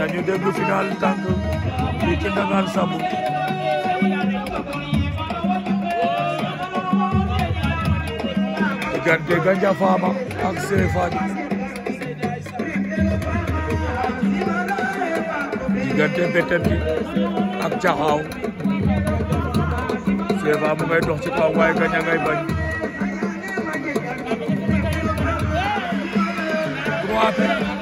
dañu déglu final tànk fii ci Ndangane Samb diggante Gandia Fama ak Seye Faty diggante Bettenty ak Caxaaw Seye mu ngay dox ci kaw waaye Gandia ngay bañ droite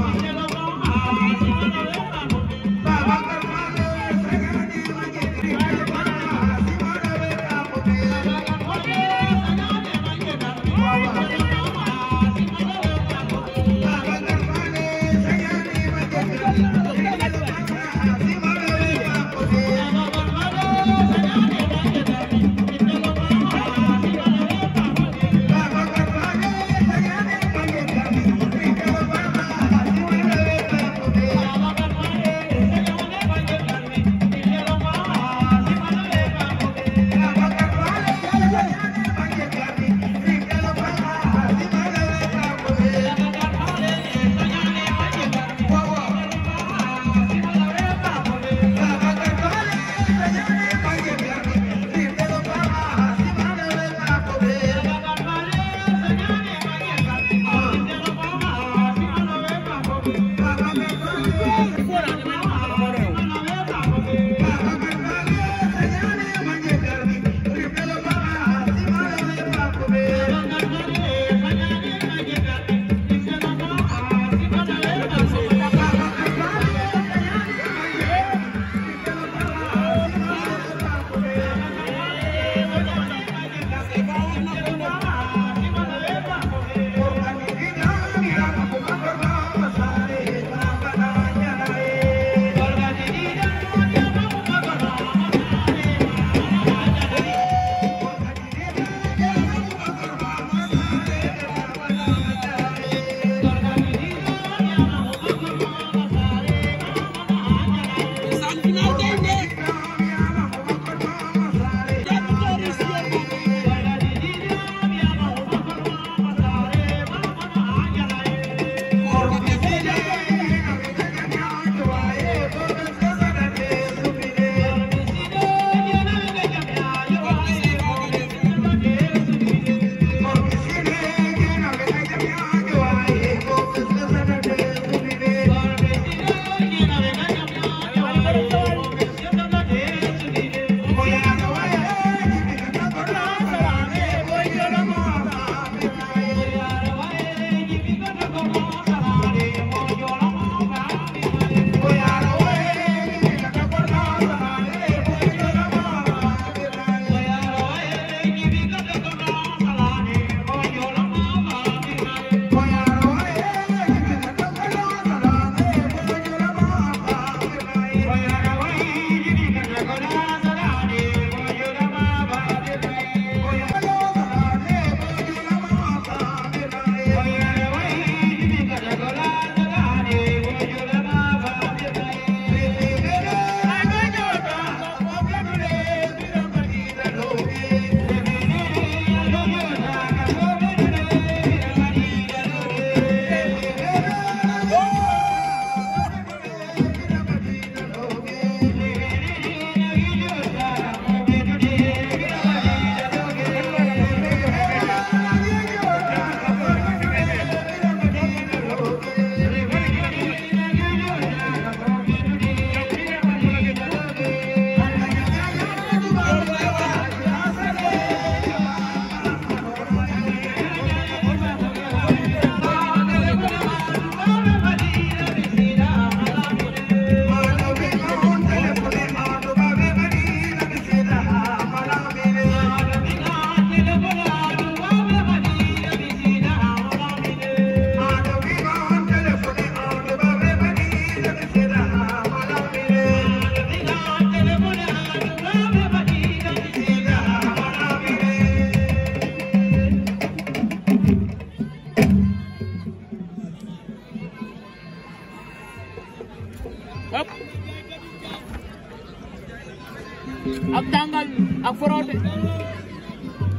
Thank you.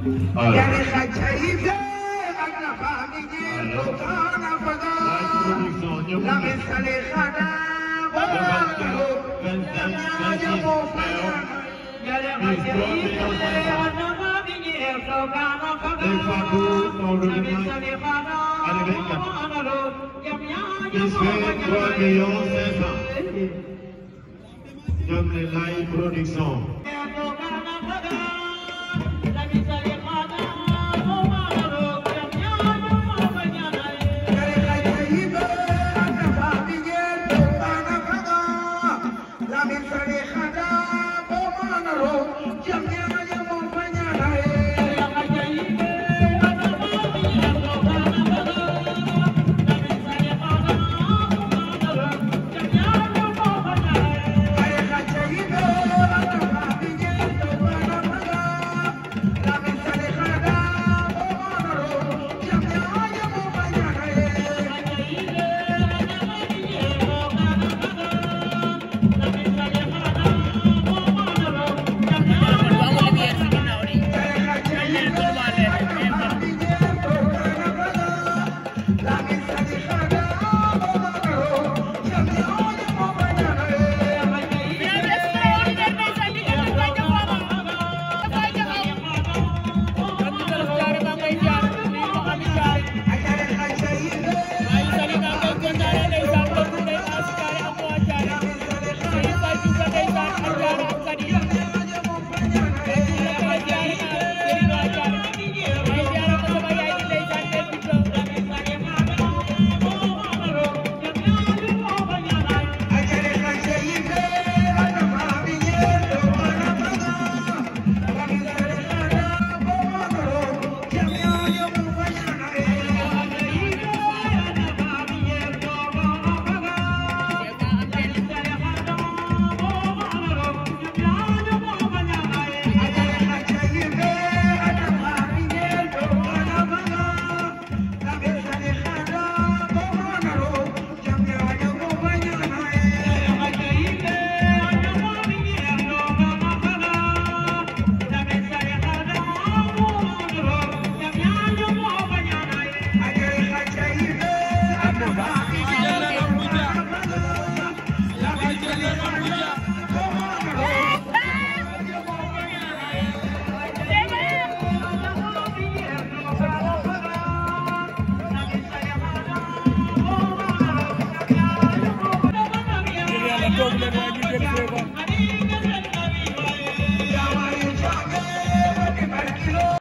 Yani şehide akrabami gir tutana feda La misali sana bağlı Ben sen sensin Yani şehide akrabami gir tutana feda La misali sana bağlı This fait 3 millions 500. Comme live productions.